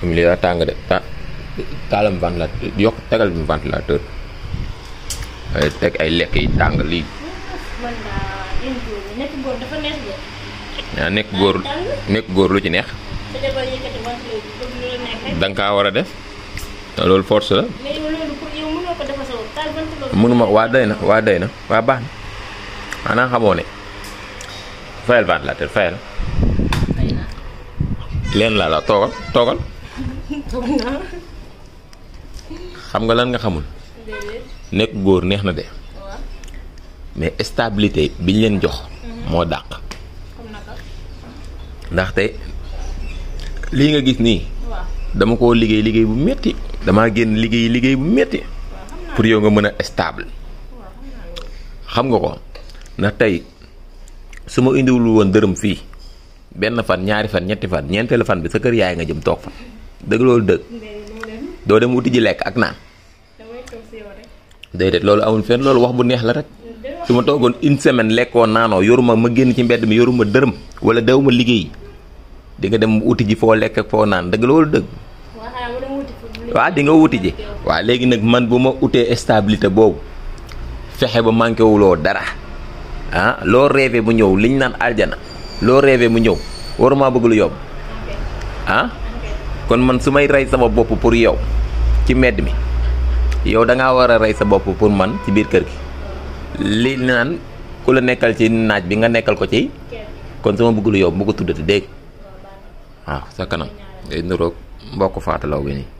moom lii daa tàng de ta taalam ventilateur yokk tegal bi ventilateur ay teg ay lekk yi tàng lii. waaw nekk góor nekk góor lu ci neex. da ka war a def. loolu force la. mënuma waa day na waa day na waa baax na xanaa xamoo ne fayal ventilateur fayal. leen laa la toogal toogal. xam nga lan nga xamul. nekk góor neex na de. mais stabilité biñ leen jox. Mhm. moo dàq. ndaxte lii nga gis nii. dama koo liggéey liggéey bu metti damaa génn liggéey liggéey bu metti pour yow nga mën a stable. xam nga ko ndax tey su ma indiwul woon dërëm fii benn fan ñaari fan ñetti fan ñeenteelu fan bi sa kër yaay nga jëm toog fa. dëgg loolu dëgg. doo dem wuti ji lekk ak naan. déedéet loolu amul fenn loolu wax bu neex la rek. su ma toogoon une semaine lekkoo naanoo yoruma ma génn ci mbedd mi yoruma dërëm wala dawuma liggéey di nga dem wuti ji foo lekk ak foo naan dëgg loolu dëgg. waaw di nga wuti ji. waaw léegi nag man bu ma utee stabilité boobu fexe ba manqué wuloo dara ah loo rêvé mu ñëw liñ naan aljana loo rêvé mu ñëw waruma bëgg lu yomb ah? kon man su may rey sama bopp pour yow ci mbedd mi yow da war a rey sa bopp pour man ci biir kër gi li naan ku la nekkal ci naaj bi nga nekkal ko ci kon sama bëggul yow mu ko tuddati dégg waaw sa kanam day nuroog ko faatalaw bi nii